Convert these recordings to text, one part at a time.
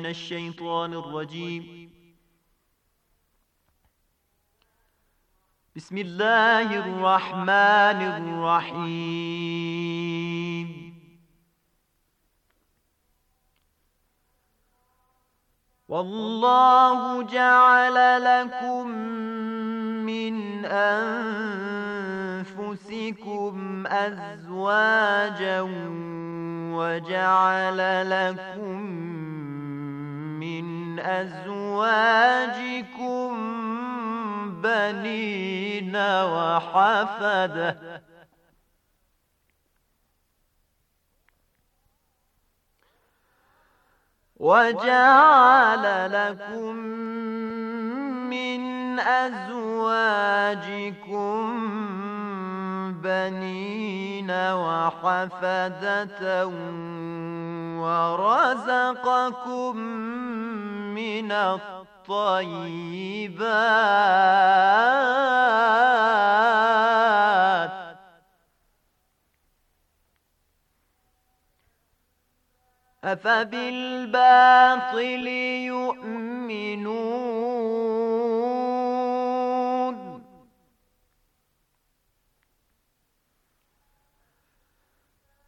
من الشيطان الرجيم بسم الله الرحمن الرحيم والله جعل لكم من أنفسكم أزواجا وجعل لكم أزواجكم بنين وحفدة وجعل لكم من أزواجكم بنين وحفدة ورزقكم من الطيبات أفبالباطل يؤمنون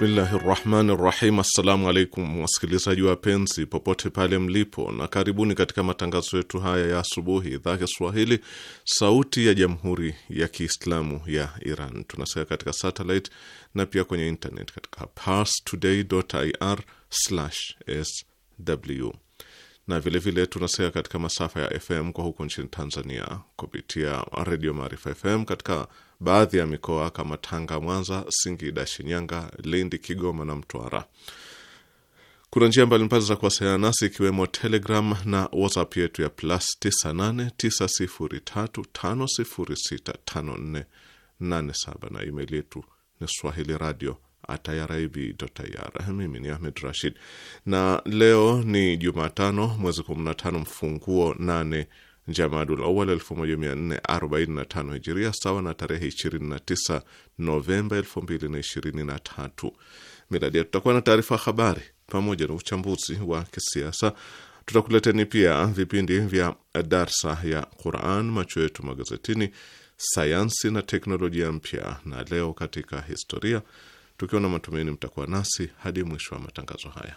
Bismillahi rahmani rahim. Assalamu alaikum wasikilizaji wapenzi popote pale mlipo, na karibuni katika matangazo yetu haya ya asubuhi, idhaa ya Kiswahili sauti ya jamhuri ya Kiislamu ya Iran. Tunasika katika satellite na pia kwenye internet katika parstoday.ir/sw na vilevile tunasikia katika masafa ya FM kwa huku nchini Tanzania kupitia Redio Maarifa FM katika baadhi ya mikoa kama Tanga, Mwanza, Singida, Shinyanga, Lindi, Kigoma na Mtwara. Kuna njia mbalimbali za kuwasiliana nasi ikiwemo Telegram na WhatsApp yetu ya plus 989035065487 na email yetu ni swahili radio irib.ir. Mimi ni Ahmed Rashid, na leo ni Jumatano mwezi 15 mfunguo 8 Jamadul Awal 1445 Hijiria, sawa na tarehe 29 Novemba 2023 Miladi. Tutakuwa na taarifa habari pamoja na uchambuzi wa kisiasa. Tutakuleteni pia vipindi vya darsa ya Quran, macho yetu magazetini, sayansi na teknolojia mpya, na leo katika historia tukiwa na matumaini mtakuwa nasi hadi mwisho wa matangazo haya.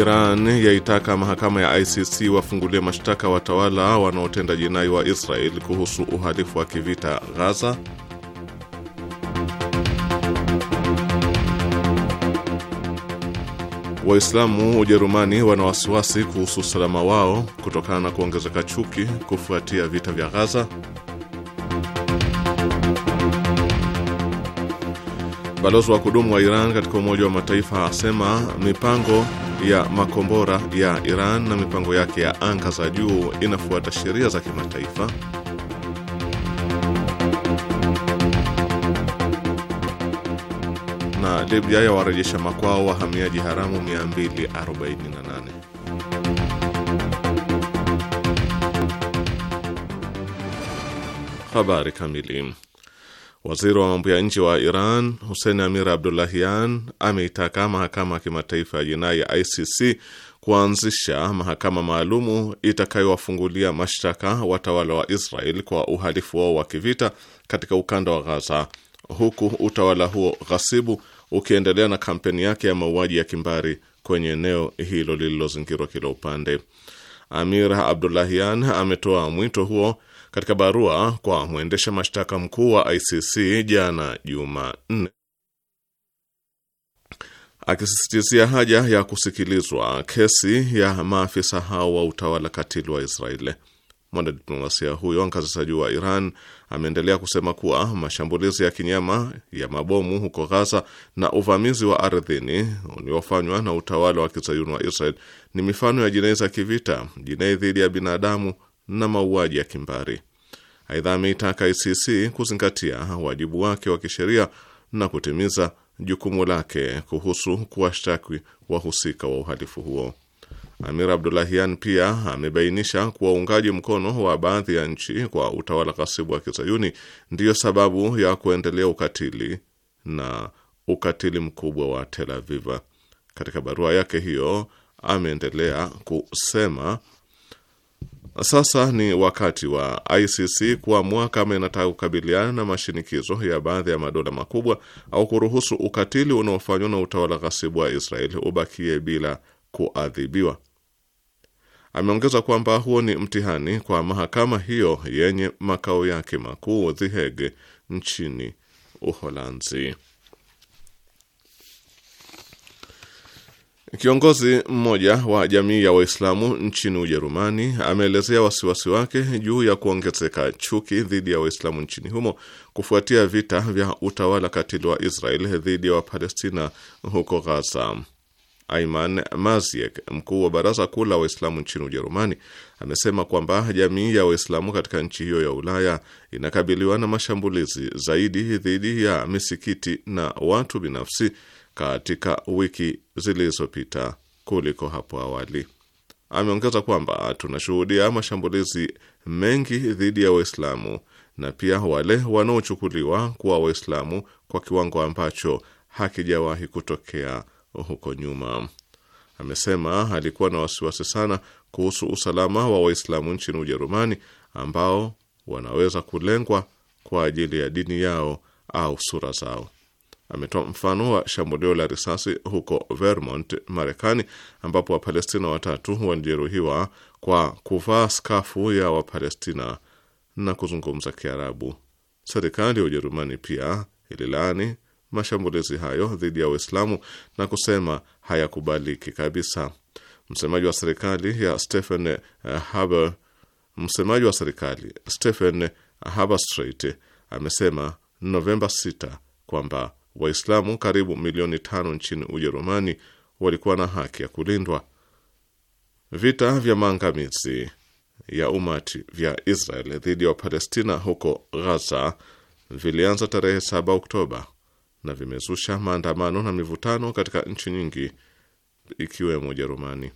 Iran yaitaka mahakama ya ICC wafungulie mashtaka watawala wanaotenda jinai wa Israel kuhusu uhalifu wa kivita Gaza. Waislamu Ujerumani wana wasiwasi kuhusu usalama wao kutokana na kuongezeka chuki kufuatia vita vya Gaza. Balozi wa kudumu wa Iran katika Umoja wa Mataifa asema mipango ya makombora ya Iran na mipango yake ya anga za juu inafuata sheria za kimataifa. Na Libya yawarejesha makwao wahamiaji haramu 248. Habari kamili. Waziri wa mambo ya nje wa Iran Hussein Amir Abdullahian ameitaka mahakama ya kimataifa ya jinai ya ICC kuanzisha mahakama maalumu itakayowafungulia mashtaka watawala wa Israel kwa uhalifu wao wa kivita katika ukanda wa Ghaza, huku utawala huo ghasibu ukiendelea na kampeni yake ya mauaji ya kimbari kwenye eneo hilo lililozingirwa kila upande. Amir Abdullahian ametoa mwito huo katika barua kwa mwendesha mashtaka mkuu wa ICC jana Jumanne, akisisitizia haja ya kusikilizwa kesi ya maafisa hao wa utawala katili wa Israeli, mwanadiplomasia huyo ngazi za juu wa Iran ameendelea kusema kuwa mashambulizi ya kinyama ya mabomu huko Ghaza na uvamizi wa ardhini uliofanywa na utawala wa kizayuni wa Israel ni mifano ya jinai za kivita, jinai dhidi ya binadamu na mauaji ya kimbari. Aidha, ameitaka ICC kuzingatia wajibu wake wa kisheria na kutimiza jukumu lake kuhusu kuwashtaki wahusika wa uhalifu huo. Amir Abdulahian pia amebainisha kuwa uungaji mkono wa baadhi ya nchi kwa utawala ghasibu wa kizayuni ndiyo sababu ya kuendelea ukatili na ukatili mkubwa wa Tel Aviv. Katika barua yake hiyo ameendelea kusema sasa ni wakati wa ICC kuamua kama inataka kukabiliana na mashinikizo ya baadhi ya madola makubwa au kuruhusu ukatili unaofanywa na utawala ghasibu wa Israeli ubakie bila kuadhibiwa. Ameongeza kwamba huo ni mtihani kwa mahakama hiyo yenye makao yake makuu The Hague nchini Uholanzi. Kiongozi mmoja wa jamii ya Waislamu nchini Ujerumani ameelezea wasiwasi wake juu ya kuongezeka chuki dhidi ya Waislamu nchini humo kufuatia vita vya utawala katili wa Israel dhidi ya Wapalestina huko Ghaza. Aiman Maziek, mkuu wa baraza kuu la Waislamu nchini Ujerumani, amesema kwamba jamii ya Waislamu katika nchi hiyo ya Ulaya inakabiliwa na mashambulizi zaidi dhidi ya misikiti na watu binafsi katika wiki zilizopita kuliko hapo awali. Ameongeza kwamba tunashuhudia mashambulizi mengi dhidi ya Waislamu na pia wale wanaochukuliwa kuwa Waislamu kwa kiwango ambacho hakijawahi kutokea huko nyuma. Amesema alikuwa na wasiwasi sana kuhusu usalama wa Waislamu nchini Ujerumani ambao wanaweza kulengwa kwa ajili ya dini yao au sura zao ametoa mfano wa shambulio la risasi huko Vermont, Marekani, ambapo Wapalestina watatu walijeruhiwa kwa kuvaa skafu ya Wapalestina na kuzungumza Kiarabu. Serikali ya Ujerumani pia ililaani mashambulizi hayo dhidi ya Waislamu na kusema hayakubaliki kabisa. Msemaji wa serikali ya Stephen eh, Haber, msemaji wa serikali Stephen Haberstreet amesema Novemba 6 kwamba Waislamu karibu milioni tano nchini Ujerumani walikuwa na haki ya kulindwa. Vita vya maangamizi ya umati vya Israel dhidi ya wa Wapalestina huko Ghaza vilianza tarehe 7 Oktoba na vimezusha maandamano na mivutano katika nchi nyingi ikiwemo Ujerumani.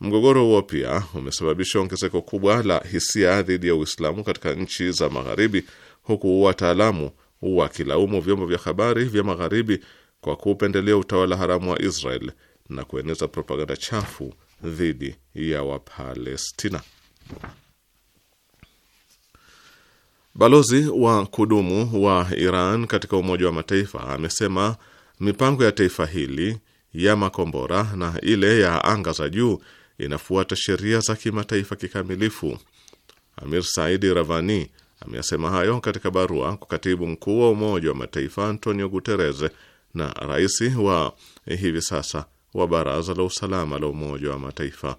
Mgogoro huo pia umesababisha ongezeko kubwa la hisia dhidi ya Uislamu katika nchi za Magharibi, huku wataalamu wakilaumu vyombo vya habari vya Magharibi kwa kuupendelea utawala haramu wa Israel na kueneza propaganda chafu dhidi ya Wapalestina. Balozi wa kudumu wa Iran katika Umoja wa Mataifa amesema mipango ya taifa hili ya makombora na ile ya anga za juu inafuata sheria za kimataifa kikamilifu. Amir Saidi Ravani Ameyasema hayo katika barua kwa katibu mkuu wa Umoja wa Mataifa Antonio Guterres na rais wa eh, hivi sasa wa Baraza la Usalama la Umoja wa Mataifa.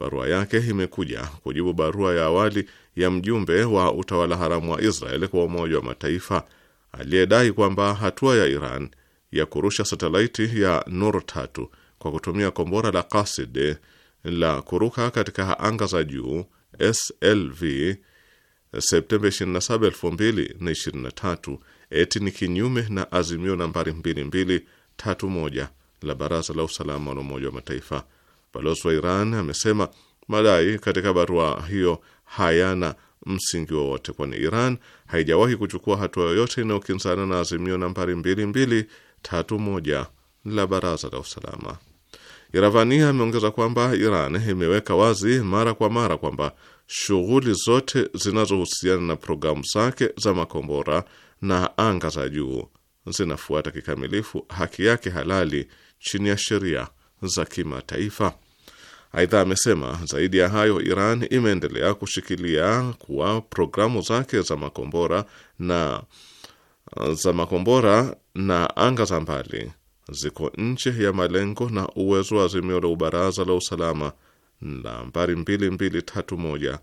Barua yake imekuja kujibu barua ya awali ya mjumbe wa utawala haramu wa Israeli kwa Umoja wa Mataifa aliyedai kwamba hatua ya Iran ya kurusha satelaiti ya Nur tatu kwa kutumia kombora la Kasid la kuruka katika anga za juu SLV Septemba 27, 2023 eti ni kinyume na azimio nambari 2231 la Baraza la Usalama la Umoja wa Mataifa. Balozi wa Iran amesema madai katika barua hiyo hayana msingi wowote, kwani Iran haijawahi kuchukua hatua yoyote inayokinzana na azimio nambari 2231 la Baraza la Usalama. Iravani ameongeza kwamba Iran imeweka wazi mara kwa mara kwamba shughuli zote zinazohusiana na programu zake za makombora na anga za juu zinafuata kikamilifu haki yake halali chini ya sheria za kimataifa. Aidha, amesema zaidi ya hayo, Iran imeendelea kushikilia kuwa programu zake za makombora na za makombora na anga za mbali ziko nje ya malengo na uwezo wa azimio la Ubaraza la Usalama nambari 2231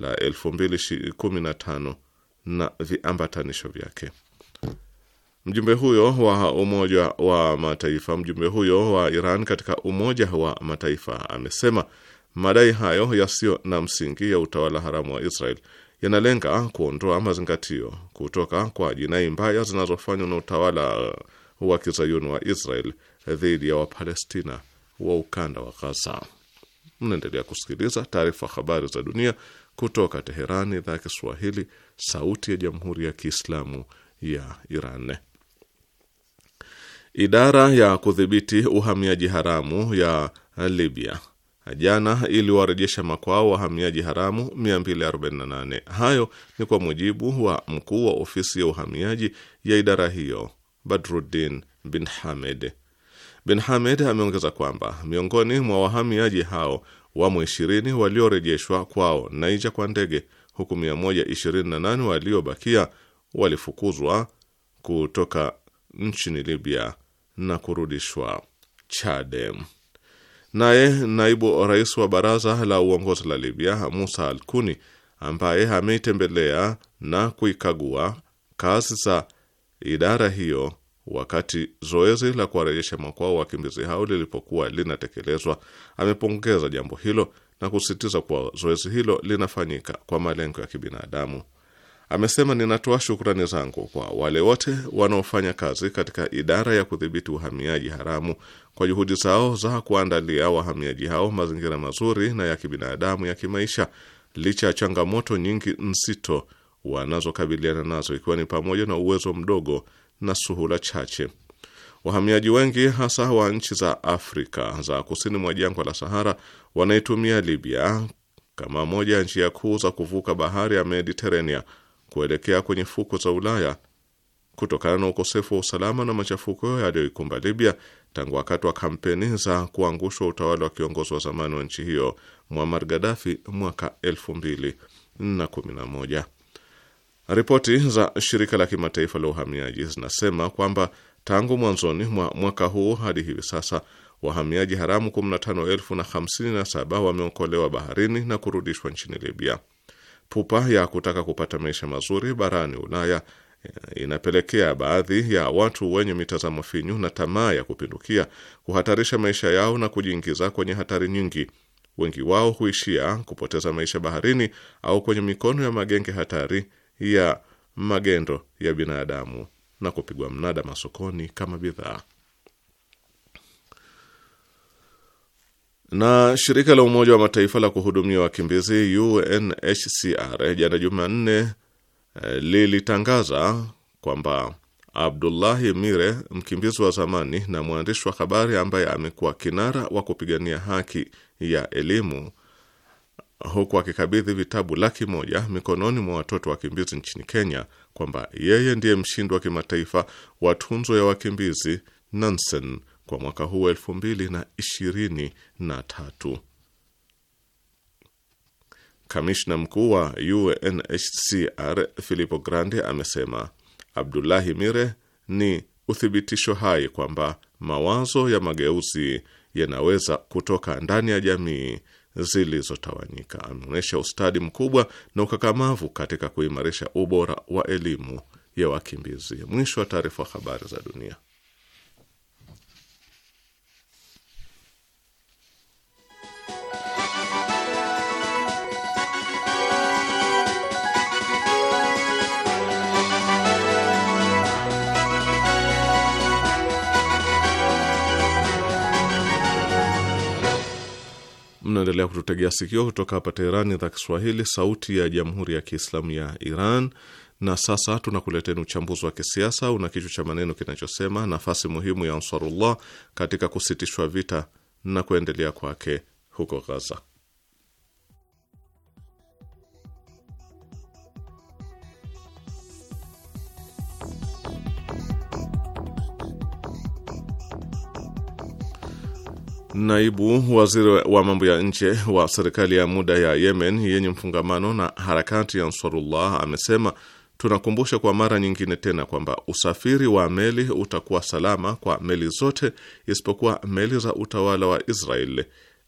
la 2015 na viambatanisho vyake. Mjumbe huyo wa Umoja wa Mataifa, mjumbe huyo wa Iran katika Umoja wa Mataifa amesema madai hayo yasiyo na msingi ya utawala haramu wa Israel yanalenga kuondoa mazingatio kutoka kwa jinai mbaya zinazofanywa na utawala wa kizayuni wa Israel dhidi ya Wapalestina wa ukanda wa Gaza. Mnaendelea kusikiliza taarifa habari za dunia kutoka Teherani, idhaa ya Kiswahili, sauti ya jamhuri ya kiislamu ya Iran. Idara ya kudhibiti uhamiaji haramu ya Libya jana iliwarejesha makwao wahamiaji haramu 248. Hayo ni kwa mujibu wa mkuu wa ofisi ya uhamiaji ya idara hiyo Badruddin bin Hamed. Bin Hamed ameongeza kwamba miongoni mwa wahamiaji hao wamo 20 waliorejeshwa kwao Naija kwa ndege, huku 128 waliobakia walifukuzwa kutoka nchini Libya na kurudishwa Chade. Naye naibu rais wa baraza la uongozi la Libya Musa Alkuni, ambaye ameitembelea na kuikagua kazi za idara hiyo Wakati zoezi la kuwarejesha makwao wakimbizi hao lilipokuwa linatekelezwa, amepongeza jambo hilo na kusisitiza kuwa zoezi hilo linafanyika kwa malengo ya kibinadamu. Amesema, ninatoa shukrani zangu kwa wale wote wanaofanya kazi katika idara ya kudhibiti uhamiaji haramu kwa juhudi zao za kuandalia wahamiaji hao mazingira mazuri na ya kibinadamu ya kimaisha, licha ya changamoto nyingi nzito wanazokabiliana nazo, ikiwa ni pamoja na uwezo mdogo na suhula chache. Wahamiaji wengi hasa wa nchi za Afrika za kusini mwa jangwa la Sahara wanaitumia Libya kama moja ya njia kuu za kuvuka bahari ya Mediterania kuelekea kwenye fuko za Ulaya kutokana na ukosefu wa usalama na machafuko yaliyoikumba Libya tangu wakati wa kampeni za kuangushwa utawala wa kiongozi wa zamani wa nchi hiyo Muammar Gaddafi mwaka elfu mbili na kumi na moja. Ripoti za shirika la kimataifa la uhamiaji zinasema kwamba tangu mwanzoni mwa mwaka huu hadi hivi sasa wahamiaji haramu 15,057 wameokolewa baharini na kurudishwa nchini Libya. Pupa ya kutaka kupata maisha mazuri barani Ulaya eh, inapelekea baadhi ya watu wenye mitazamo finyu na tamaa ya kupindukia kuhatarisha maisha yao na kujiingiza kwenye hatari nyingi. Wengi wao huishia kupoteza maisha baharini au kwenye mikono ya magenge hatari ya magendo ya binadamu na kupigwa mnada masokoni kama bidhaa. Na shirika la Umoja wa Mataifa la kuhudumia wakimbizi UNHCR jana Jumanne eh, lilitangaza kwamba Abdullahi Mire, mkimbizi wa zamani na mwandishi wa habari ambaye amekuwa kinara wa kupigania haki ya elimu huku akikabidhi vitabu laki moja mikononi mwa watoto wakimbizi nchini Kenya kwamba yeye ndiye mshindi wa kimataifa wa tunzo ya wakimbizi Nansen kwa mwaka huu elfu mbili na ishirini na tatu. Kamishna mkuu wa UNHCR Filippo Grandi amesema Abdulahi Mire ni uthibitisho hai kwamba mawazo ya mageuzi yanaweza kutoka ndani ya jamii zilizotawanyika. Ameonyesha ustadi mkubwa na ukakamavu katika kuimarisha ubora wa elimu ya wakimbizi. Mwisho wa taarifa. Habari za dunia. kuendelea kututegea sikio kutoka hapa Teherani, idhaa Kiswahili, sauti ya jamhuri ya kiislamu ya Iran. Na sasa tunakuleteni uchambuzi wa kisiasa una kichwa cha maneno kinachosema nafasi muhimu ya Ansarullah katika kusitishwa vita na kuendelea kwake huko ghaza Naibu waziri wa mambo ya nje wa serikali ya muda ya Yemen yenye mfungamano na harakati ya Ansarullah amesema tunakumbusha kwa mara nyingine tena kwamba usafiri wa meli utakuwa salama kwa meli zote isipokuwa meli za utawala wa Israel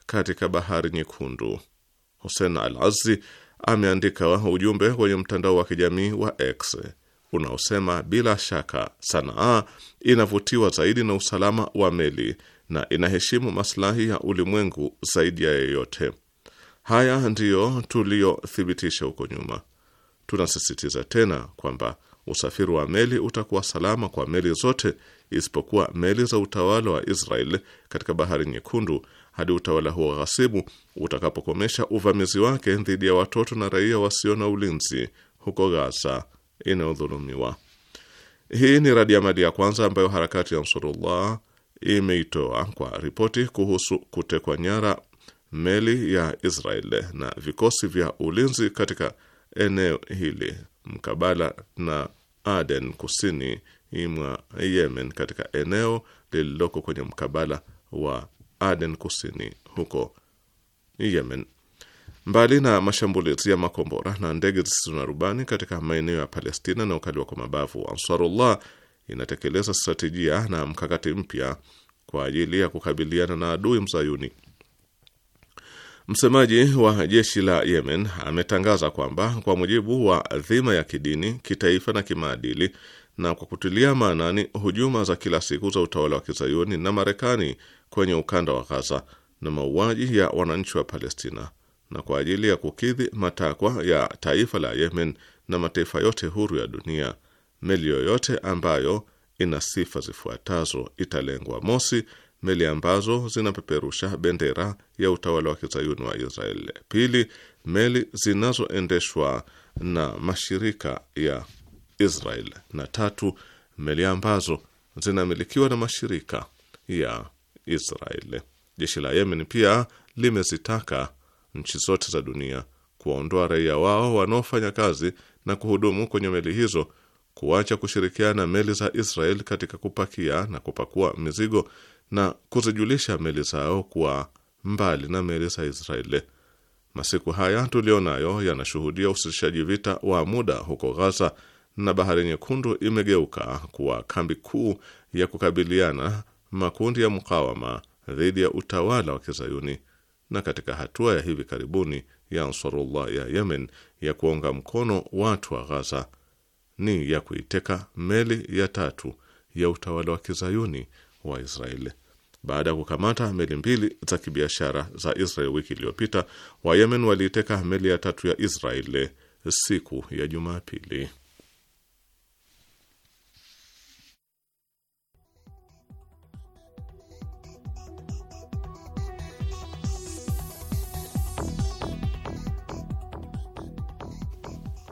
katika bahari nyekundu. Hussein Al-Azzi ameandika ujumbe kwenye mtandao wa kijamii wa X unaosema bila shaka Sanaa inavutiwa zaidi na usalama wa meli na inaheshimu maslahi ya ulimwengu zaidi ya yeyote. Haya ndiyo tuliyothibitisha huko nyuma. Tunasisitiza tena kwamba usafiri wa meli utakuwa salama kwa meli zote isipokuwa meli za utawala wa Israel katika bahari nyekundu hadi utawala huo ghasibu utakapokomesha uvamizi wake dhidi ya watoto na raia wasio na ulinzi huko Gaza inayodhulumiwa. Hii ni radi ya kwanza ambayo harakati ya Nsurullah imeitoa kwa ripoti kuhusu kutekwa nyara meli ya Israel na vikosi vya ulinzi katika eneo hili mkabala na Aden kusini mwa Yemen, katika eneo lililoko kwenye mkabala wa Aden kusini huko Yemen. Mbali na mashambulizi ya makombora na ndege zisizo na rubani katika maeneo ya Palestina na ukaliwa kwa mabavu, Ansarullah inatekeleza stratejia na mkakati mpya kwa ajili ya kukabiliana na adui mzayuni. Msemaji wa jeshi la Yemen ametangaza kwamba kwa mujibu wa dhima ya kidini, kitaifa na kimaadili, na kwa kutilia maanani hujuma za kila siku za utawala wa kizayuni na Marekani kwenye ukanda wa Ghaza na mauaji ya wananchi wa Palestina, na kwa ajili ya kukidhi matakwa ya taifa la Yemen na mataifa yote huru ya dunia meli yoyote ambayo ina sifa zifuatazo italengwa: mosi, meli ambazo zinapeperusha bendera ya utawala wa kizayuni wa Israel; pili, meli zinazoendeshwa na mashirika ya Israel; na tatu, meli ambazo zinamilikiwa na mashirika ya Israel. Jeshi la Yemen pia limezitaka nchi zote za dunia kuwaondoa raia wao wanaofanya kazi na kuhudumu kwenye meli hizo kuacha kushirikiana meli za Israel katika kupakia na kupakua mizigo na kuzijulisha meli zao kuwa mbali na meli za Israeli. Masiku haya tulionayo yanashuhudia usitishaji vita wa muda huko Gaza, na Bahari Nyekundu imegeuka kuwa kambi kuu ya kukabiliana makundi ya mukawama dhidi ya utawala wa Kizayuni. Na katika hatua ya hivi karibuni ya Ansarullah ya Yemen ya kuunga mkono watu wa Ghaza ni ya kuiteka meli ya tatu ya utawala wa kizayuni wa Israeli. Baada ya kukamata meli mbili za kibiashara za Israel wiki iliyopita, Wayemen waliiteka meli ya tatu ya Israeli siku ya Jumapili.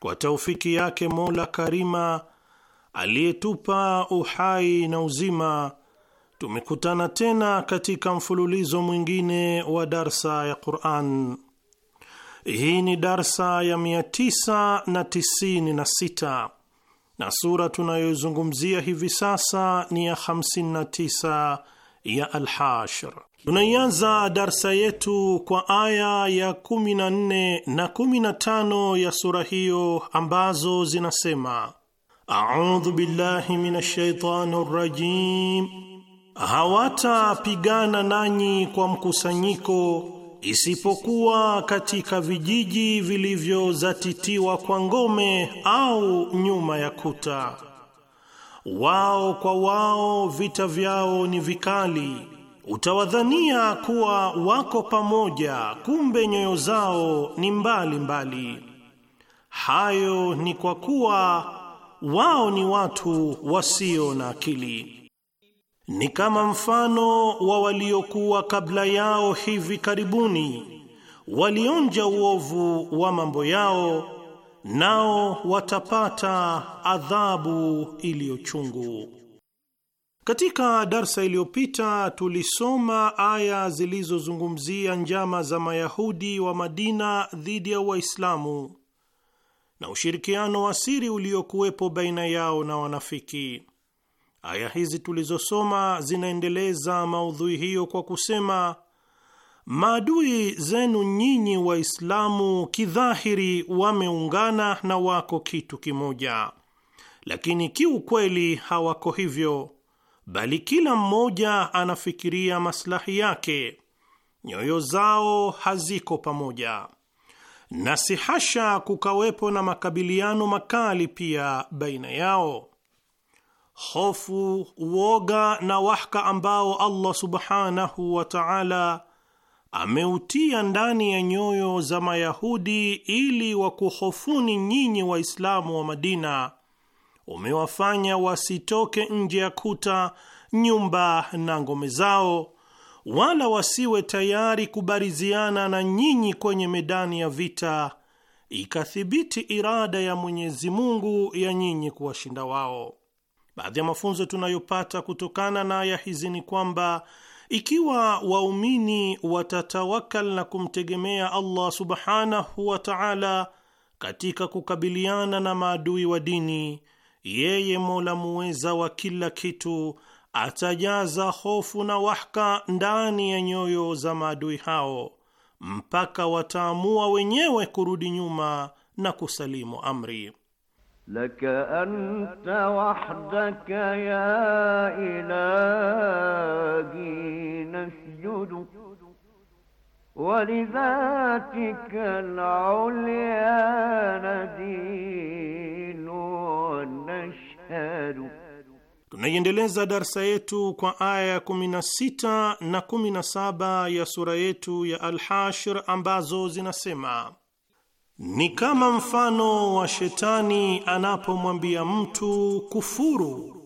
kwa taufiki yake Mola Karima aliyetupa uhai na uzima, tumekutana tena katika mfululizo mwingine wa darsa ya Quran. Hii ni darsa ya 996 na sura tunayozungumzia hivi sasa ni ya 59 ya Alhashr. Tunaianza darsa yetu kwa aya ya 14 na 15 ya sura hiyo ambazo zinasema: audhu billahi minash shaitani rajim, hawatapigana nanyi kwa mkusanyiko isipokuwa katika vijiji vilivyozatitiwa kwa ngome au nyuma ya kuta. Wao kwa wao vita vyao ni vikali Utawadhania kuwa wako pamoja, kumbe nyoyo zao ni mbali mbali. Hayo ni kwa kuwa wao ni watu wasio na akili. Ni kama mfano wa waliokuwa kabla yao hivi karibuni, walionja uovu wa mambo yao, nao watapata adhabu iliyo chungu. Katika darsa iliyopita tulisoma aya zilizozungumzia njama za Mayahudi wa Madina dhidi ya Waislamu na ushirikiano wa siri uliokuwepo baina yao na wanafiki. Aya hizi tulizosoma zinaendeleza maudhui hiyo kwa kusema, maadui zenu nyinyi Waislamu kidhahiri wameungana na wako kitu kimoja, lakini kiukweli hawako hivyo bali kila mmoja anafikiria maslahi yake, nyoyo zao haziko pamoja, na si hasha kukawepo na makabiliano makali pia baina yao. Hofu, uoga na wahka ambao Allah subhanahu wa ta'ala ameutia ndani ya nyoyo za Mayahudi ili wakuhofuni nyinyi Waislamu wa Madina umewafanya wasitoke nje ya kuta nyumba na ngome zao, wala wasiwe tayari kubariziana na nyinyi kwenye medani ya vita, ikathibiti irada ya Mwenyezi Mungu ya nyinyi kuwashinda wao. Baadhi ya mafunzo tunayopata kutokana na aya hizi ni kwamba ikiwa waumini watatawakal na kumtegemea Allah subhanahu wa ta'ala katika kukabiliana na maadui wa dini yeye Mola muweza wa kila kitu atajaza hofu na wahka ndani ya nyoyo za maadui hao mpaka wataamua wenyewe kurudi nyuma na kusalimu amri. laka anta wahdaka ya ilahi nasjudu ولذاتك العليا ندين ونشهد. Tunaiendeleza darsa yetu kwa aya ya 16 na 17 ya sura yetu ya al ambazo zinasema ni kama mfano wa shetani anapomwambia mtu kufuru,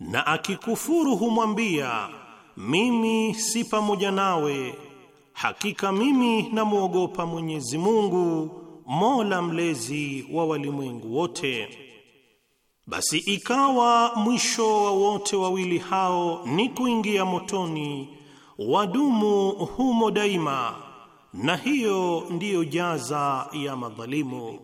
na akikufuru humwambia mimi si pamoja nawe hakika mimi namwogopa Mwenyezi Mungu, Mola mlezi wa walimwengu wote. Basi ikawa mwisho wa wote wawili hao ni kuingia motoni, wadumu humo daima, na hiyo ndiyo jaza ya madhalimu,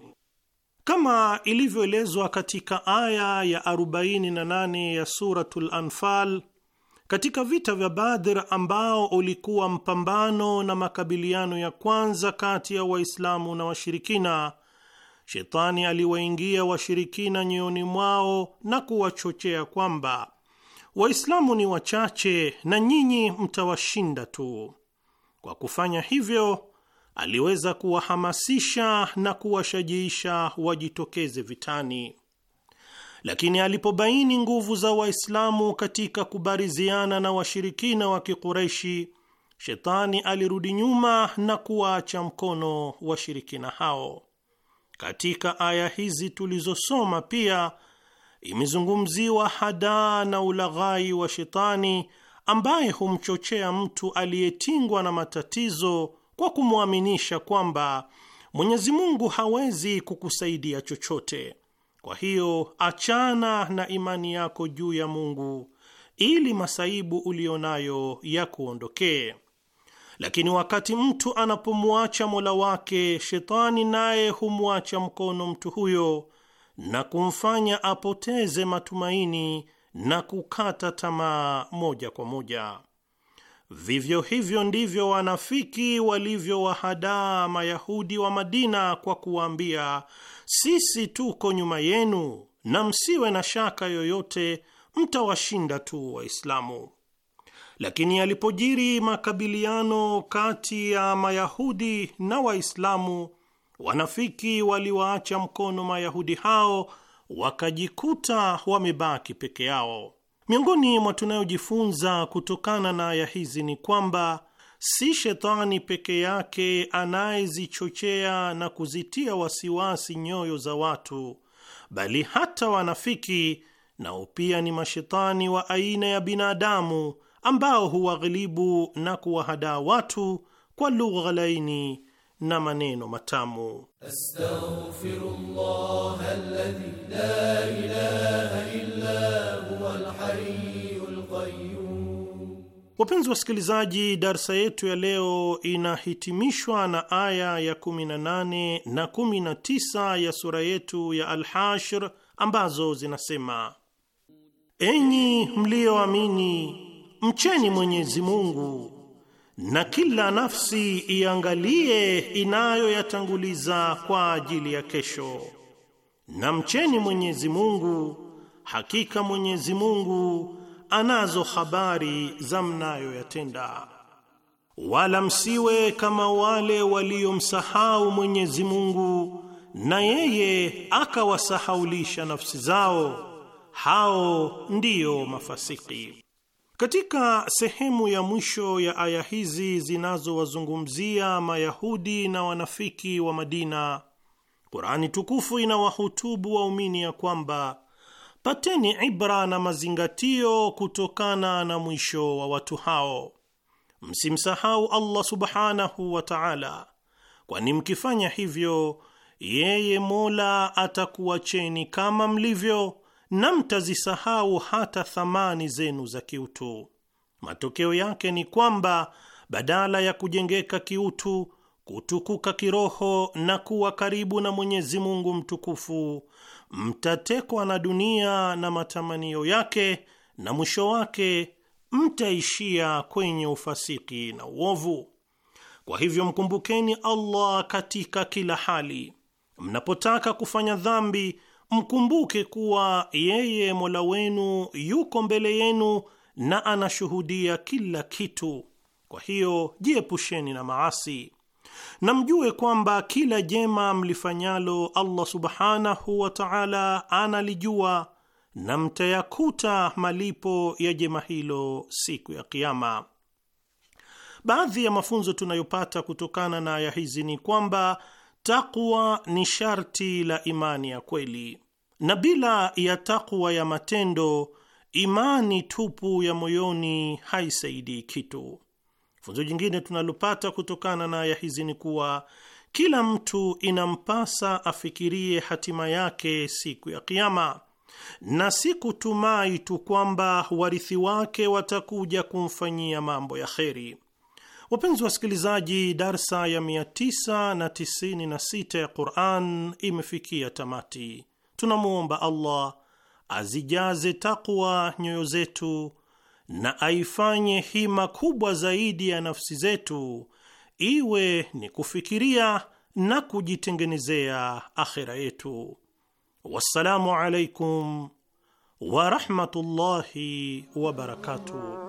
kama ilivyoelezwa katika aya ya 48 ya Suratul Anfal. Katika vita vya Badr ambao ulikuwa mpambano na makabiliano ya kwanza kati ya Waislamu na washirikina, shetani aliwaingia washirikina nyoyoni mwao na kuwachochea kwamba Waislamu ni wachache na nyinyi mtawashinda tu. Kwa kufanya hivyo, aliweza kuwahamasisha na kuwashajiisha wajitokeze vitani lakini alipobaini nguvu za Waislamu katika kubariziana na washirikina wa Kikureishi, shetani alirudi nyuma na kuwaacha mkono washirikina hao. Katika aya hizi tulizosoma pia imezungumziwa hadaa na ulaghai wa shetani ambaye humchochea mtu aliyetingwa na matatizo kwa kumwaminisha kwamba Mwenyezi Mungu hawezi kukusaidia chochote. Kwa hiyo achana na imani yako juu ya Mungu ili masaibu uliyo nayo yakuondokee. Lakini wakati mtu anapomwacha Mola wake, shetani naye humwacha mkono mtu huyo na kumfanya apoteze matumaini na kukata tamaa moja kwa moja. Vivyo hivyo ndivyo wanafiki walivyowahadaa Mayahudi wa Madina kwa kuwaambia sisi tuko nyuma yenu na msiwe na shaka yoyote, mtawashinda tu Waislamu. Lakini alipojiri makabiliano kati ya Mayahudi na Waislamu, wanafiki waliwaacha mkono Mayahudi hao wakajikuta wamebaki peke yao. Miongoni mwa tunayojifunza kutokana na aya hizi ni kwamba si shetani peke yake anayezichochea na kuzitia wasiwasi nyoyo za watu, bali hata wanafiki nao pia ni mashetani wa aina ya binadamu ambao huwaghilibu na kuwahadaa watu kwa lugha laini na maneno matamu. Astaghfirullah alladhi la ilaha illa huwa alhayy Wapenzi wasikilizaji, darsa yetu ya leo inahitimishwa na aya ya 18 na 19 ya sura yetu ya alhashr ambazo zinasema: enyi mliyoamini, mcheni Mwenyezi Mungu na kila nafsi iangalie inayoyatanguliza kwa ajili ya kesho, na mcheni Mwenyezi Mungu, hakika Mwenyezi Mungu anazo habari za mnayoyatenda. Wala msiwe kama wale waliomsahau Mwenyezi Mungu na yeye akawasahaulisha nafsi zao, hao ndiyo mafasiki. Katika sehemu ya mwisho ya aya hizi zinazowazungumzia Mayahudi na wanafiki wa Madina, Qurani tukufu inawahutubu waumini ya kwamba Pateni ibra na mazingatio kutokana na mwisho wa watu hao. Msimsahau Allah subhanahu wa taala, kwani mkifanya hivyo, yeye Mola atakuwacheni kama mlivyo na mtazisahau hata thamani zenu za kiutu. Matokeo yake ni kwamba badala ya kujengeka kiutu, kutukuka kiroho na kuwa karibu na Mwenyezi Mungu mtukufu mtatekwa na dunia na matamanio yake, na mwisho wake mtaishia kwenye ufasiki na uovu. Kwa hivyo mkumbukeni Allah katika kila hali. Mnapotaka kufanya dhambi, mkumbuke kuwa yeye Mola wenu yuko mbele yenu na anashuhudia kila kitu. Kwa hiyo jiepusheni na maasi na mjue kwamba kila jema mlifanyalo Allah subhanahu wa ta'ala analijua na mtayakuta malipo ya jema hilo siku ya Kiyama. Baadhi ya mafunzo tunayopata kutokana na aya hizi ni kwamba takwa ni sharti la imani ya kweli, na bila ya takwa ya matendo, imani tupu ya moyoni haisaidii kitu. Funzo jingine tunalopata kutokana na aya hizi ni kuwa kila mtu inampasa afikirie hatima yake siku ya Kiama, na si kutumai tu kwamba warithi wake watakuja kumfanyia mambo ya kheri. Wapenzi wasikilizaji, darsa ya 996 ya Quran imefikia tamati. Tunamwomba Allah azijaze takwa nyoyo zetu na aifanye hima kubwa zaidi ya nafsi zetu iwe ni kufikiria na kujitengenezea akhira yetu. Wassalamu alaikum warahmatullahi wabarakatuh.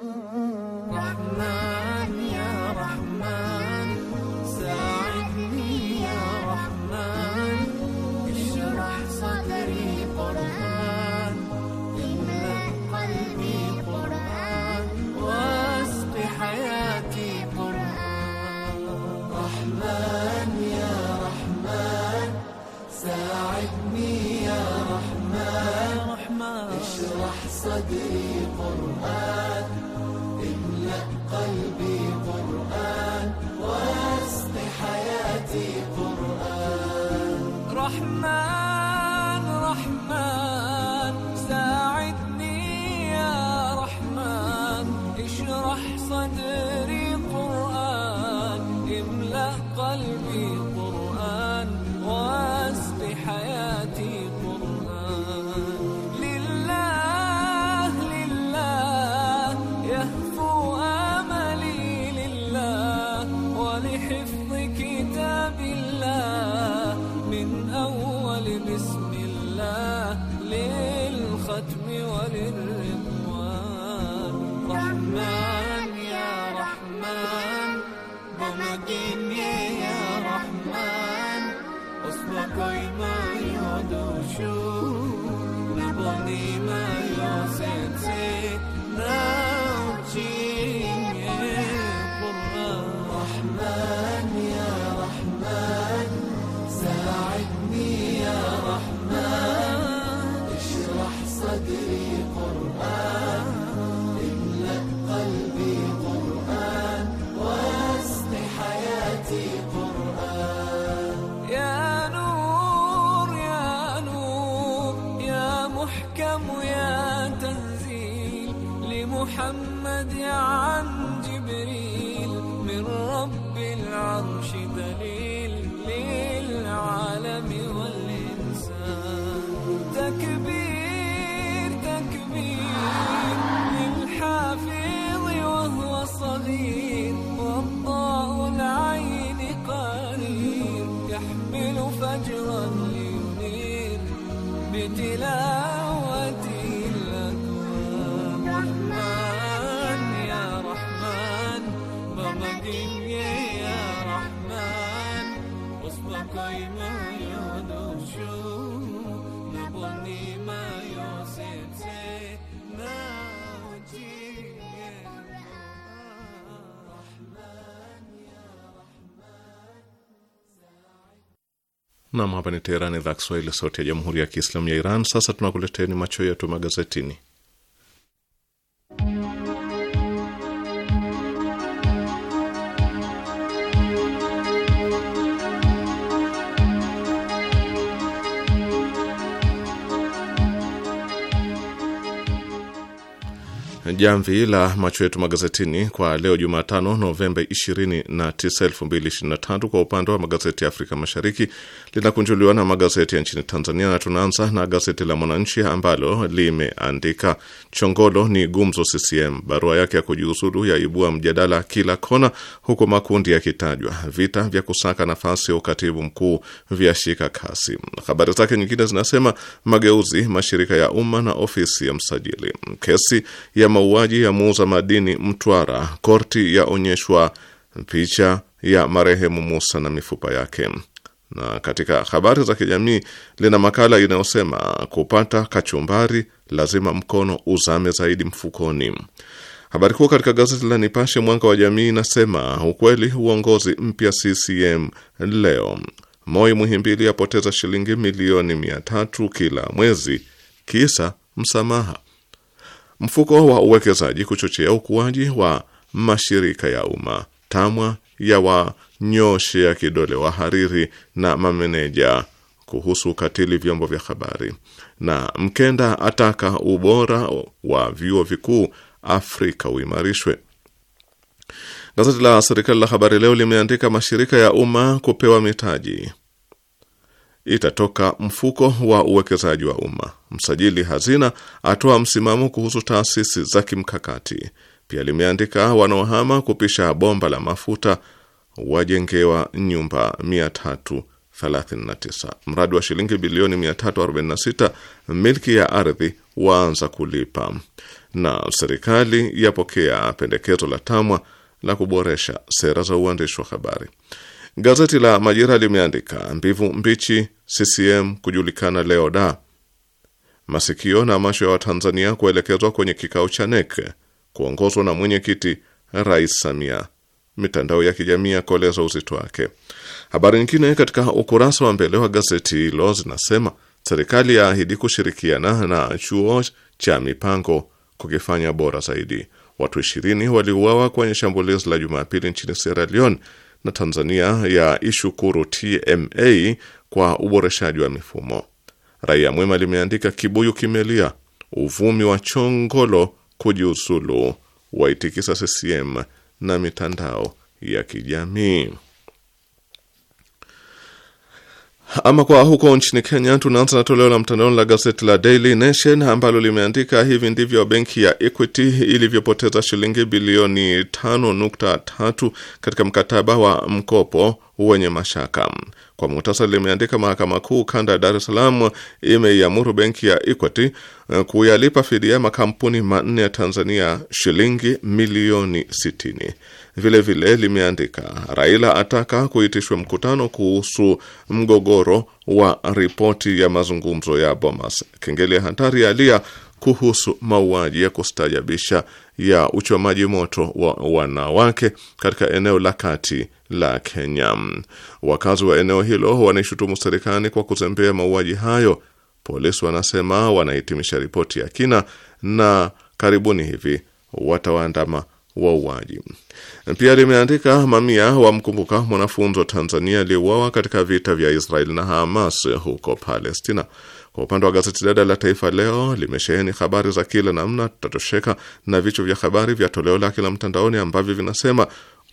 احكم يا تنزيل لمحمد عن جبريل من رب العرش دليل للعالمين Nam, hapa ni Teherani, idhaa Kiswahili, sauti ya jamhuri ya kiislamu ya Iran. Sasa tunakuleteni macho yetu magazetini. jamvi la macho yetu magazetini kwa leo Jumatano, Novemba 29, 2023. Kwa upande wa magazeti ya Afrika Mashariki linakunjuliwa na magazeti ya nchini Tanzania, na tunaanza na gazeti la Mwananchi ambalo limeandika Chongolo ni gumzo CCM, barua yake ya kujiuzulu yaibua mjadala kila kona, huku makundi yakitajwa, vita vya kusaka nafasi ya ukatibu mkuu vyashika kasi. Habari zake nyingine zinasema mageuzi, mashirika ya umma na ofisi ya msajili, kesi ya mauaji ya muuza madini Mtwara, korti ya onyeshwa picha ya marehemu Musa na mifupa yake. Na katika habari za kijamii lina makala inayosema kupata kachumbari lazima mkono uzame zaidi mfukoni. Habari kuu katika gazeti la Nipashe Mwanga wa Jamii inasema ukweli uongozi mpya CCM leo. Moi Muhimbili apoteza shilingi milioni mia tatu kila mwezi, kisa msamaha mfuko wa uwekezaji kuchochea ukuaji wa mashirika ya umma, TAMWA ya wanyoshea kidole wahariri na mameneja kuhusu ukatili vyombo vya habari, na Mkenda ataka ubora wa vyuo vikuu Afrika uimarishwe. Gazeti la serikali la Habari Leo limeandika mashirika ya umma kupewa mitaji itatoka mfuko wa uwekezaji wa umma. Msajili hazina atoa msimamo kuhusu taasisi za kimkakati. Pia limeandika wanaohama kupisha bomba la mafuta wajengewa nyumba 339. Mradi wa shilingi bilioni 346 milki ya ardhi waanza kulipa, na serikali yapokea pendekezo la TAMWA la kuboresha sera za uandishi wa habari. Gazeti la Majira limeandika mbivu mbichi CCM kujulikana leo da masikio na macho ya Watanzania kuelekezwa kwenye kikao cha NEC kuongozwa na mwenyekiti Rais Samia. Mitandao ya kijamii yakoleza uzito wake. Habari nyingine katika ukurasa wa mbele wa gazeti hilo zinasema serikali yaahidi kushirikiana na chuo cha mipango kukifanya bora zaidi. Watu ishirini waliuawa kwenye shambulizi la Jumapili nchini Sierra Leone na Tanzania ya ishukuru TMA kwa uboreshaji wa mifumo. Raia Mwema limeandika kibuyu kimelia, uvumi wa chongolo kujiuzulu waitikisa CCM na mitandao ya kijamii. Ama kwa huko nchini Kenya, tunaanza na toleo la mtandaoni la gazeti la Daily Nation ambalo limeandika hivi ndivyo benki ya Equity ilivyopoteza shilingi bilioni 5.3 katika mkataba wa mkopo wenye mashaka. Kwa muhtasari, limeandika mahakama kuu kanda ya Dar es Salaam imeiamuru benki ya Equity eh, kuyalipa fidia makampuni manne ya Tanzania shilingi milioni 60. Vile vile limeandika Raila ataka kuitishwa mkutano kuhusu mgogoro wa ripoti ya mazungumzo ya Bomas. Kengele ya hatari yalia kuhusu mauaji ya kustajabisha ya uchomaji moto wa wanawake katika eneo la kati la Kenya. Wakazi wa eneo hilo wanaishutumu serikali kwa kuzembea mauaji hayo. Polisi wanasema wanahitimisha ripoti ya kina na karibuni hivi watawaandama wauaji. Pia limeandika mamia wamkumbuka mwanafunzi wa Tanzania aliyeuawa katika vita vya Israeli na Hamas huko Palestina. Kwa upande wa gazeti dada la Taifa Leo limesheheni habari za kila namna, tutatosheka na vichwa vya habari vya toleo lake la mtandaoni ambavyo vinasema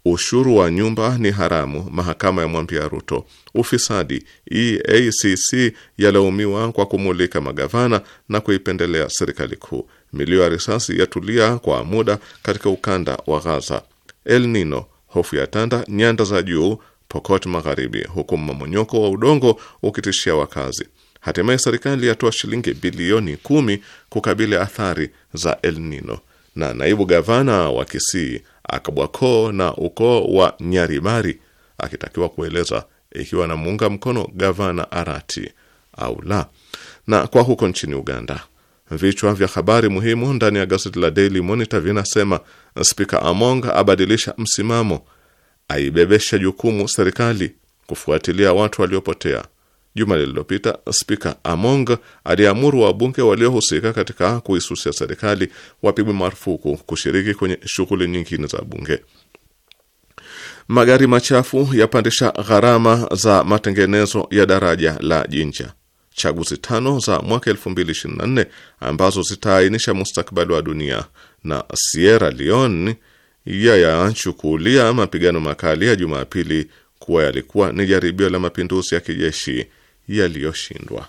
Ushuru wa nyumba ni haramu, mahakama ya mwambia Ruto. Ufisadi, EACC yalaumiwa kwa kumulika magavana na kuipendelea serikali kuu. Milio ya risasi yatulia kwa muda katika ukanda wa Ghaza. El Nino, hofu ya tanda nyanda za juu, Pokot Magharibi, huku mmomonyoko wa udongo ukitishia wakazi. Hatimaye serikali yatoa shilingi bilioni kumi kukabili athari za El Nino, na naibu gavana wa Kisii Akabwakoo na ukoo wa Nyaribari akitakiwa kueleza ikiwa anamuunga mkono gavana Arati au la. Na kwa huko nchini Uganda Vichwa vya habari muhimu ndani ya gazeti la Daily Monitor vinasema: Spika Among abadilisha msimamo, aibebesha jukumu serikali kufuatilia watu waliopotea. Juma lililopita Spika Among aliamuru wabunge waliohusika katika kuisusia serikali wapigwe marufuku kushiriki kwenye shughuli nyingine za bunge. Magari machafu yapandisha gharama za matengenezo ya daraja la Jinja chaguzi tano za mwaka 2024 ambazo zitaainisha mustakabali wa dunia na Sierra Leone yayachukulia mapigano makali ya Jumapili kuwa yalikuwa ni jaribio la mapinduzi ya kijeshi yaliyoshindwa.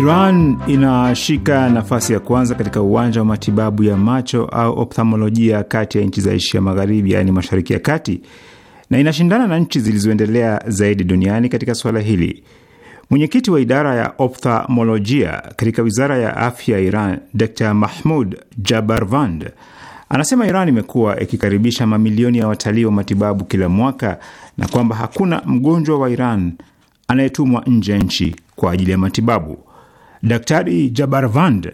Iran inashika nafasi ya kwanza katika uwanja wa matibabu ya macho au ophthalmolojia kati ya nchi za Asia Magharibi, yaani Mashariki ya Kati, na inashindana na nchi zilizoendelea zaidi duniani katika suala hili. Mwenyekiti wa idara ya ophthalmolojia katika wizara ya afya ya Iran, Dr Mahmud Jabarvand, anasema Iran imekuwa ikikaribisha mamilioni ya watalii wa matibabu kila mwaka na kwamba hakuna mgonjwa wa Iran anayetumwa nje ya nchi kwa ajili ya matibabu. Daktari Jabarvand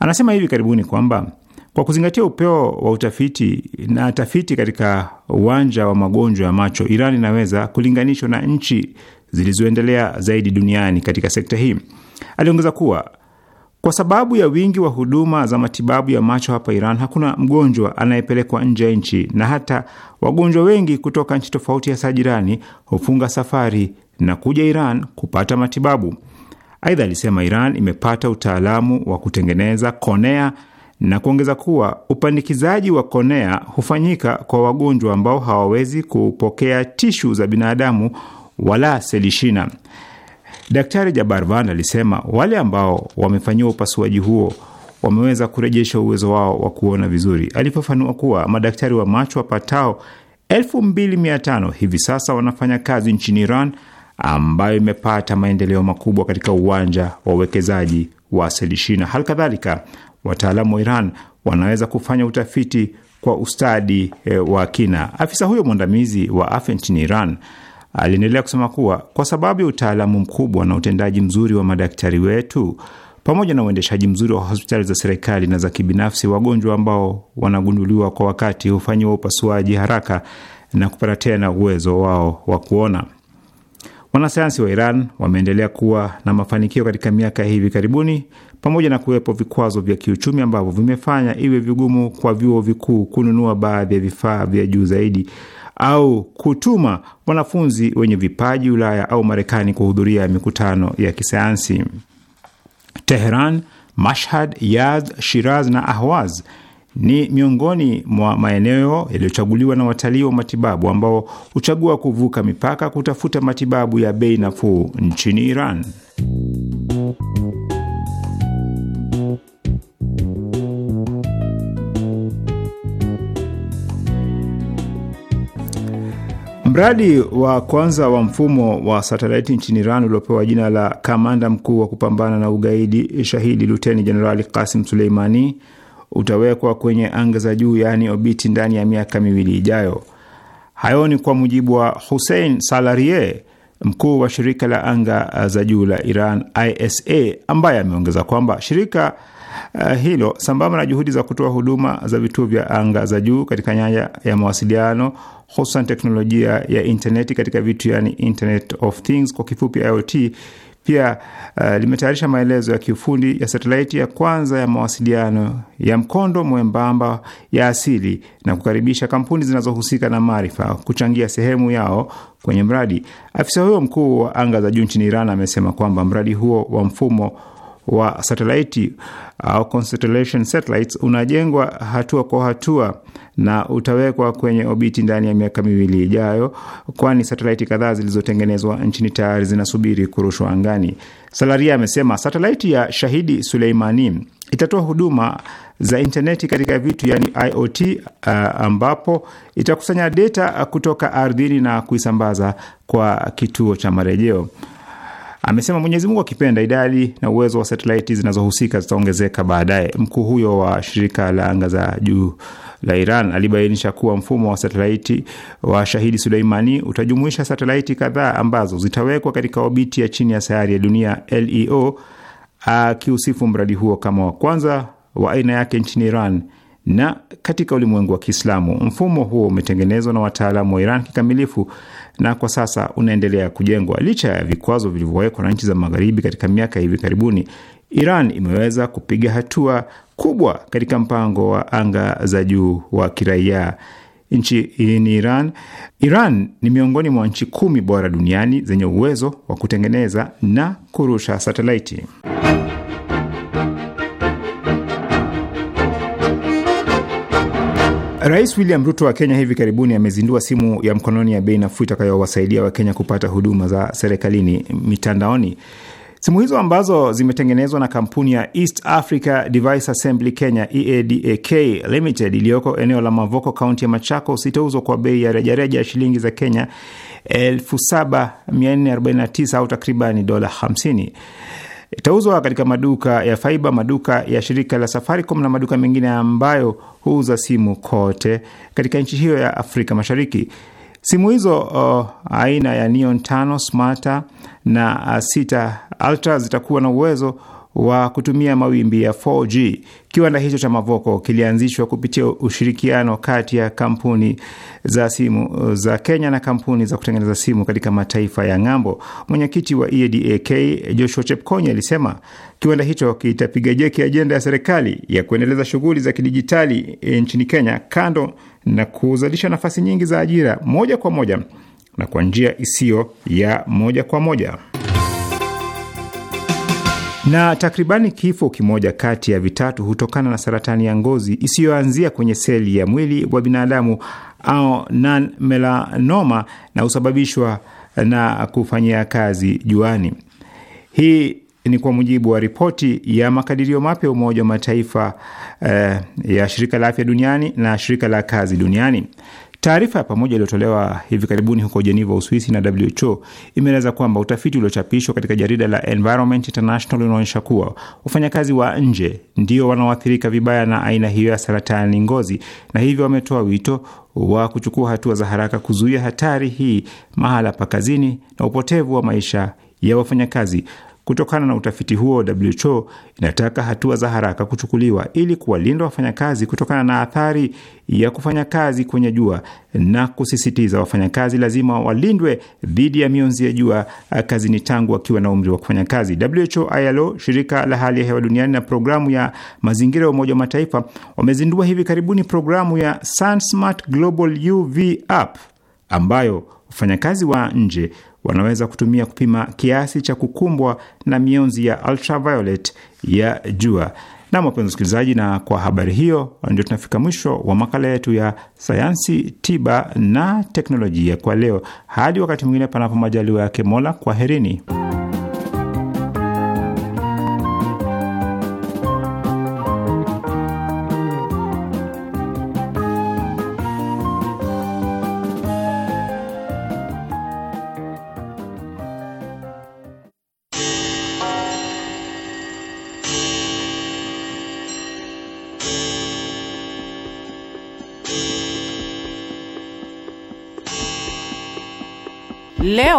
anasema hivi karibuni kwamba kwa kuzingatia upeo wa utafiti na tafiti katika uwanja wa magonjwa ya macho, Iran inaweza kulinganishwa na nchi zilizoendelea zaidi duniani katika sekta hii. Aliongeza kuwa kwa sababu ya wingi wa huduma za matibabu ya macho hapa Iran, hakuna mgonjwa anayepelekwa nje ya nchi, na hata wagonjwa wengi kutoka nchi tofauti, saa jirani, hufunga safari na kuja Iran kupata matibabu. Aidha alisema Iran imepata utaalamu wa kutengeneza konea na kuongeza kuwa upandikizaji wa konea hufanyika kwa wagonjwa ambao hawawezi kupokea tishu za binadamu wala selishina. Daktari Jabarvan alisema wale ambao wamefanyiwa upasuaji huo wameweza kurejesha uwezo wao wa kuona vizuri. Alifafanua kuwa madaktari wa macho wapatao 2500 hivi sasa wanafanya kazi nchini Iran ambayo imepata maendeleo makubwa katika uwanja wa uwekezaji wa selishina. Hali kadhalika, wataalamu wa Iran wanaweza kufanya utafiti kwa ustadi e, wa kina. Afisa huyo mwandamizi wa afya nchini Iran aliendelea kusema kuwa kwa sababu ya utaalamu mkubwa na utendaji mzuri wa madaktari wetu pamoja na uendeshaji mzuri wa hospitali za serikali na za kibinafsi, wagonjwa ambao wanagunduliwa kwa wakati hufanyiwa upasuaji haraka na kupata tena uwezo wao wa kuona. Wanasayansi wa Iran wameendelea kuwa na mafanikio katika miaka ya hivi karibuni, pamoja na kuwepo vikwazo vya kiuchumi ambavyo vimefanya iwe vigumu kwa vyuo vikuu kununua baadhi ya vifaa vya juu zaidi au kutuma wanafunzi wenye vipaji Ulaya au Marekani kuhudhuria mikutano ya kisayansi. Teheran, Mashhad, Yaz, Shiraz na Ahwaz ni miongoni mwa maeneo yaliyochaguliwa na watalii wa matibabu ambao huchagua kuvuka mipaka kutafuta matibabu ya bei nafuu nchini Iran. Mradi wa kwanza wa mfumo wa satelaiti nchini Iran uliopewa jina la kamanda mkuu wa kupambana na ugaidi, shahidi luteni jenerali Kasim Suleimani utawekwa kwenye anga za juu, yaani obiti, ndani ya miaka miwili ijayo. Hayo ni kwa mujibu wa Hussein Salarie, mkuu wa shirika la anga za juu la Iran ISA, ambaye ameongeza kwamba shirika uh, hilo sambamba na juhudi za kutoa huduma za vituo vya anga za juu katika nyanja ya mawasiliano, hususan teknolojia ya intaneti katika vitu, yani Internet of Things, kwa kifupi IoT pia uh, limetayarisha maelezo ya kiufundi ya satelaiti ya kwanza ya mawasiliano ya mkondo mwembamba ya asili na kukaribisha kampuni zinazohusika na maarifa kuchangia sehemu yao kwenye mradi. Afisa huyo mkuu wa anga za juu nchini Iran amesema kwamba mradi huo wa mfumo wa satelaiti au uh, constellation satellites unajengwa hatua kwa hatua na utawekwa kwenye obiti ndani ya miaka miwili ijayo, kwani satelaiti kadhaa zilizotengenezwa nchini tayari zinasubiri kurushwa angani. Salaria amesema satelaiti ya Shahidi Suleimani itatoa huduma za intaneti katika vitu yani IoT, uh, ambapo itakusanya data kutoka ardhini na kuisambaza kwa kituo cha marejeo. Amesema Mwenyezi Mungu akipenda, idadi na uwezo wa satelaiti zinazohusika zitaongezeka baadaye. Mkuu huyo wa shirika la anga za juu la Iran alibainisha kuwa mfumo wa satelaiti wa Shahidi Suleimani utajumuisha satelaiti kadhaa ambazo zitawekwa katika obiti ya chini ya sayari ya dunia leo, akiusifu mradi huo kama wa kwanza wa aina yake nchini Iran na katika ulimwengu wa Kiislamu. Mfumo huo umetengenezwa na wataalamu wa Iran kikamilifu na kwa sasa unaendelea kujengwa. Licha ya vikwazo vilivyowekwa na nchi za Magharibi katika miaka hivi karibuni, Iran imeweza kupiga hatua kubwa katika mpango wa anga za juu wa kiraia nchi ni Iran. Iran ni miongoni mwa nchi kumi bora duniani zenye uwezo wa kutengeneza na kurusha satelaiti. Rais William Ruto wa Kenya hivi karibuni amezindua simu ya mkononi ya bei nafuu itakayowasaidia Wakenya kupata huduma za serikalini mitandaoni. Simu hizo ambazo zimetengenezwa na kampuni ya East Africa Device Assembly Kenya EADAK Limited iliyoko eneo la Mavoko, kaunti ya Machakos zitauzwa kwa bei ya rejareja ya shilingi za Kenya 7449 au takribani dola 50. Itauzwa katika maduka ya faiba, maduka ya shirika la Safaricom na maduka mengine ambayo huuza simu kote katika nchi hiyo ya Afrika Mashariki. Simu hizo uh, aina ya Neon tano, Smarta na uh, sita Ultra zitakuwa na uwezo wa kutumia mawimbi ya 4G. Kiwanda hicho cha Mavoko kilianzishwa kupitia ushirikiano kati ya kampuni za simu uh, za Kenya na kampuni za kutengeneza simu katika mataifa ya ng'ambo. Mwenyekiti wa EADAK Joshua chepkonyi alisema kiwanda hicho kitapiga jeki ajenda ya serikali ya kuendeleza shughuli za kidijitali eh, nchini Kenya, kando na kuzalisha nafasi nyingi za ajira moja kwa moja na kwa njia isiyo ya moja kwa moja. Na takribani kifo kimoja kati ya vitatu hutokana na saratani ya ngozi isiyoanzia kwenye seli ya mwili wa binadamu au non-melanoma na husababishwa na kufanyia kazi juani. Hii ni kwa mujibu wa ripoti ya makadirio mapya ya Umoja wa Mataifa eh, ya Shirika la Afya Duniani na Shirika la Kazi Duniani. Taarifa ya pamoja iliyotolewa hivi karibuni huko Jeneva, Uswisi na WHO imeeleza kwamba utafiti uliochapishwa katika jarida la Environment International unaonyesha kuwa wafanyakazi wa nje ndio wanaoathirika vibaya na aina hiyo ya saratani ngozi, na hivyo wametoa wito wa kuchukua hatua za haraka kuzuia hatari hii mahala pa kazini na upotevu wa maisha ya wafanyakazi. Kutokana na utafiti huo, WHO inataka hatua za haraka kuchukuliwa ili kuwalinda wafanyakazi kutokana na athari ya kufanya kazi kwenye jua na kusisitiza wafanyakazi lazima walindwe dhidi ya mionzi ya jua eh, kazini tangu wakiwa na umri wa kufanya kazi. WHO, ILO, shirika la hali ya hewa duniani na programu ya mazingira ya Umoja wa Mataifa wamezindua hivi karibuni programu ya SunSmart Global UV App ambayo wafanyakazi wa nje wanaweza kutumia kupima kiasi cha kukumbwa na mionzi ya ultraviolet ya jua. Na wapenzi wasikilizaji, na kwa habari hiyo ndio tunafika mwisho wa makala yetu ya sayansi, tiba na teknolojia kwa leo. Hadi wakati mwingine, panapo majaliwa yake Mola, kwaherini.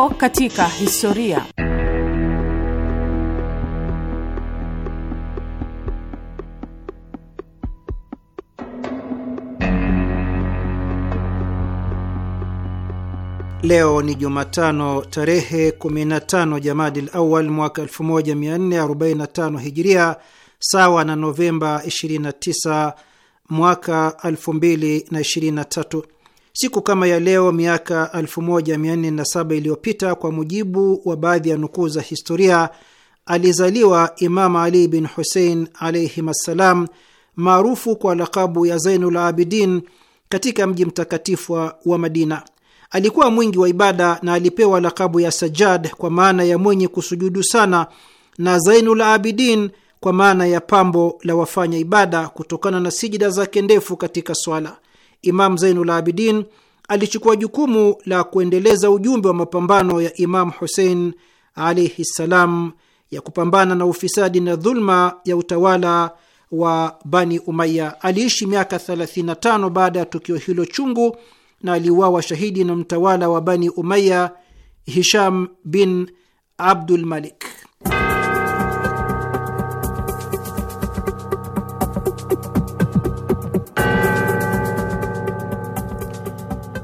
Leo katika historia. Leo ni Jumatano tarehe 15 Jamadil Awal mwaka 1445 Hijiria, sawa na Novemba 29 mwaka 2023. Siku kama ya leo miaka 1407 iliyopita, kwa mujibu wa baadhi ya nukuu za historia, alizaliwa Imam Ali bin Husein alaihim assalam, maarufu kwa lakabu ya Zainul Abidin, katika mji mtakatifu wa Madina. Alikuwa mwingi wa ibada na alipewa lakabu ya Sajad kwa maana ya mwenye kusujudu sana, na Zainul Abidin kwa maana ya pambo la wafanya ibada, kutokana na sijida zake ndefu katika swala. Imam Zainul Abidin alichukua jukumu la kuendeleza ujumbe wa mapambano ya Imam Husein alaihi ssalam ya kupambana na ufisadi na dhulma ya utawala wa Bani Umaya. Aliishi miaka 35 baada ya tukio hilo chungu na aliuawa shahidi na mtawala wa Bani Umaya Hisham bin Abdul Malik.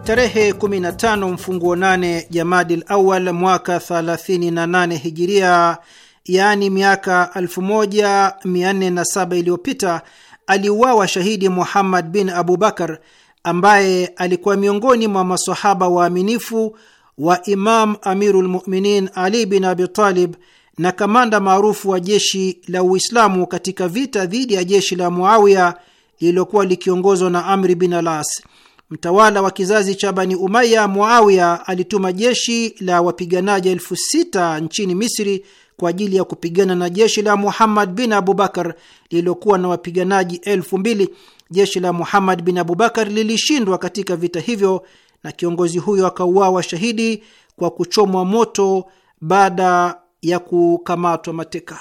Tarehe 15 mfunguo 8 Jamadil Awal mwaka 38 Hijiria, yaani miaka 1407 iliyopita, aliuawa shahidi Muhammad bin Abubakar ambaye alikuwa miongoni mwa masahaba waaminifu wa Imam Amirul Muminin Ali bin Abitalib na kamanda maarufu wa jeshi la Uislamu katika vita dhidi ya jeshi la Muawiya lililokuwa likiongozwa na Amri bin Alas mtawala wa kizazi cha Bani Umaya, Muawiya alituma jeshi la wapiganaji elfu sita nchini Misri kwa ajili ya kupigana na jeshi la Muhammad bin Abubakar lililokuwa na wapiganaji elfu mbili. Jeshi la Muhammad bin Abubakar lilishindwa katika vita hivyo na kiongozi huyo akauawa shahidi kwa kuchomwa moto baada ya kukamatwa mateka.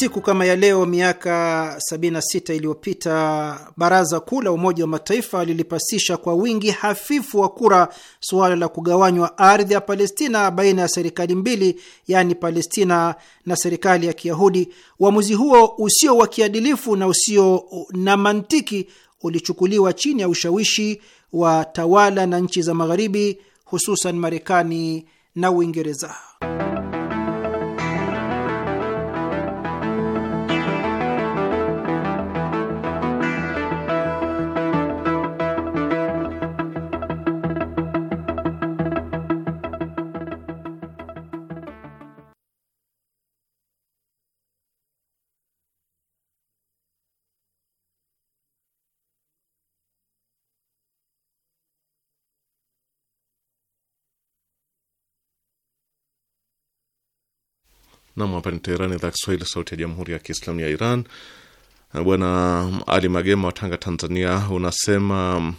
Siku kama ya leo miaka 76 iliyopita Baraza Kuu la Umoja wa Mataifa lilipasisha kwa wingi hafifu wa kura suala la kugawanywa ardhi ya Palestina baina ya serikali mbili, yaani Palestina na serikali ya Kiyahudi. Uamuzi huo usio wa kiadilifu na usio na mantiki ulichukuliwa chini ya ushawishi wa tawala na nchi za Magharibi, hususan Marekani na Uingereza. Nam, hapa ni Teherani, idhaa Kiswahili, sauti ya jamhuri ya kiislamu ya Iran. Bwana Ali Magema wa Tanga, Tanzania, unasema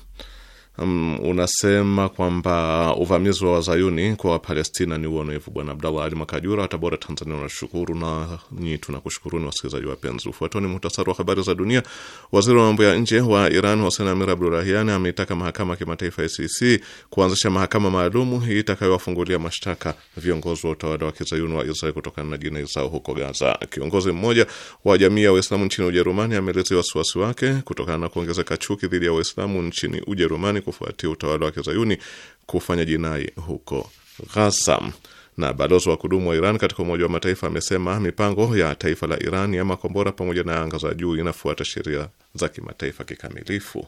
um, unasema kwamba uvamizi wa wazayuni kwa wapalestina ni uonevu. Bwana Abdallah Ali Makajura wa Tabora, Tanzania, unashukuru na nyi tunakushukuruni. Wasikilizaji wapenzi, ufuatao ni muhtasari wa habari za dunia. Waziri wa mambo ya nje wa Iran Hossein Amir Abdulahian ameitaka mahakama ya kimataifa ICC kuanzisha mahakama maalumu itakayowafungulia mashtaka viongozi wa utawala wa kizayuni wa Israel kutokana na jinai zao huko Gaza. Kiongozi mmoja wa jamii ya Waislamu nchini Ujerumani ameelezea wasiwasi wake kutokana na kuongezeka chuki dhidi ya Waislamu nchini Ujerumani Marekani kufuatia utawala wa kizayuni kufanya jinai huko Ghaza. Na balozi wa kudumu wa Iran katika Umoja wa Mataifa amesema mipango ya taifa la Iran ya makombora pamoja na anga za juu inafuata sheria za kimataifa kikamilifu